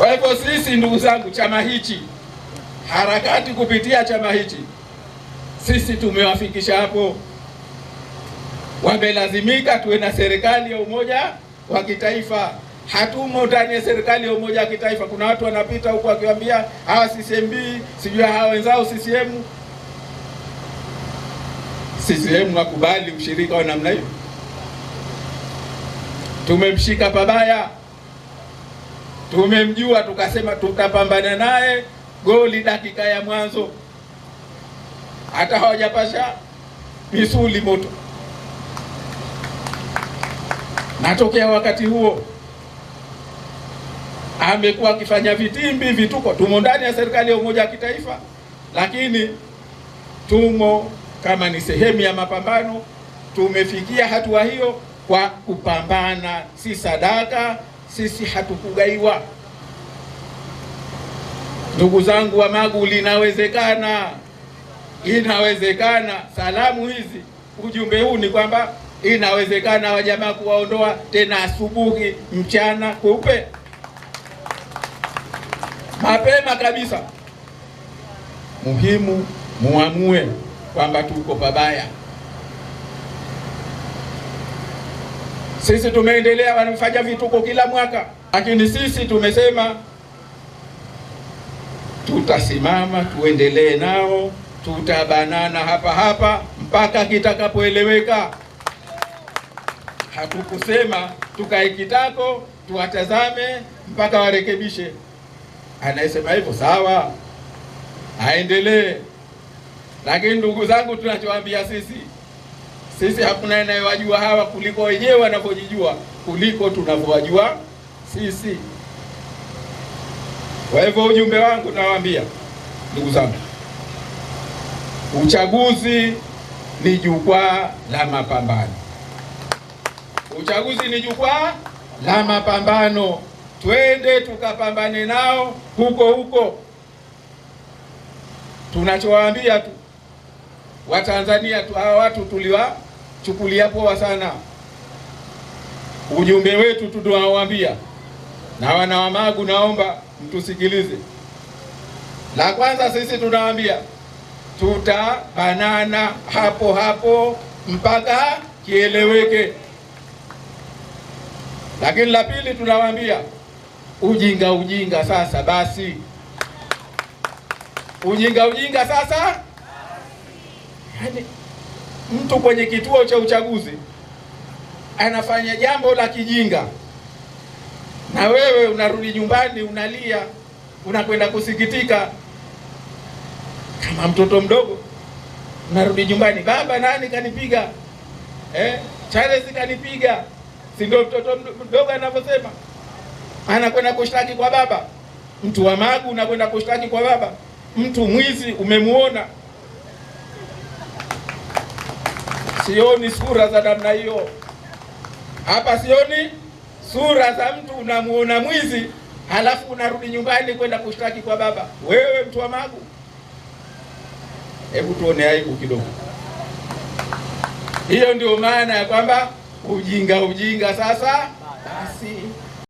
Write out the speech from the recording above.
Kwa hivyo sisi, ndugu zangu, chama hichi, harakati kupitia chama hichi, sisi tumewafikisha hapo. Wamelazimika tuwe na serikali ya umoja wa kitaifa. Hatumo ndani ya serikali ya umoja wa kitaifa. Kuna watu wanapita huku wakiwambia hawa CCMB sijui hawa wenzao CCM. CCM wakubali ushirika wa namna hiyo? Tumemshika pabaya tumemjua, tukasema tutapambana naye. Goli dakika ya mwanzo, hata hawajapasha misuli moto. Natokea wakati huo amekuwa akifanya vitimbi, vituko. Tumo ndani ya serikali ya umoja wa kitaifa, lakini tumo kama ni sehemu ya mapambano. Tumefikia hatua hiyo kwa kupambana, si sadaka sisi hatukugaiwa. Ndugu zangu wa Magu, linawezekana, inawezekana. Salamu hizi, ujumbe huu ni kwamba inawezekana wajamaa kuwaondoa tena asubuhi, mchana kupe mapema kabisa. Muhimu muamue kwamba tuko pabaya. Sisi tumeendelea, wanafanya vituko kila mwaka, lakini sisi tumesema tutasimama, tuendelee nao, tutabanana hapa hapa mpaka kitakapoeleweka. Hatukusema tukae kitako tuwatazame mpaka warekebishe. Anayesema hivyo sawa, aendelee, lakini ndugu zangu, tunachoambia sisi sisi hakuna anayewajua hawa kuliko wenyewe wanavyojijua kuliko tunavyowajua sisi. Kwa hivyo ujumbe wangu nawaambia ndugu zangu, uchaguzi ni jukwaa la mapambano. Uchaguzi ni jukwaa la mapambano. Twende tukapambane nao huko huko. Tunachowaambia tu Watanzania tu hawa watu tuliwa Chukulia poa sana ujumbe wetu tunawaambia, na wana Wamagu, naomba mtusikilize. La kwanza, sisi tunawaambia tutabanana hapo hapo mpaka kieleweke. Lakini la pili, tunawaambia ujinga ujinga sasa basi, ujinga ujinga sasa yani mtu kwenye kituo cha uchaguzi anafanya jambo la kijinga, na wewe unarudi nyumbani unalia, unakwenda kusikitika kama mtoto mdogo. Unarudi nyumbani, baba, nani kanipiga? Eh, Charles kanipiga, si ndio mtoto mdogo anavyosema? Anakwenda kushtaki kwa baba. Mtu wa magu unakwenda kushtaki kwa baba. Mtu mwizi umemuona Sioni sura za namna hiyo hapa, sioni sura za mtu unamuona mwizi halafu unarudi nyumbani kwenda kushtaki kwa baba. Wewe mtu wa Magu, hebu tuone aibu kidogo. Hiyo ndio maana ya kwamba ujinga ujinga. Sasa basi.